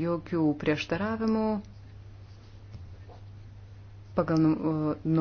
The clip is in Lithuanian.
jokių prieštaravimų pagal num. Nu,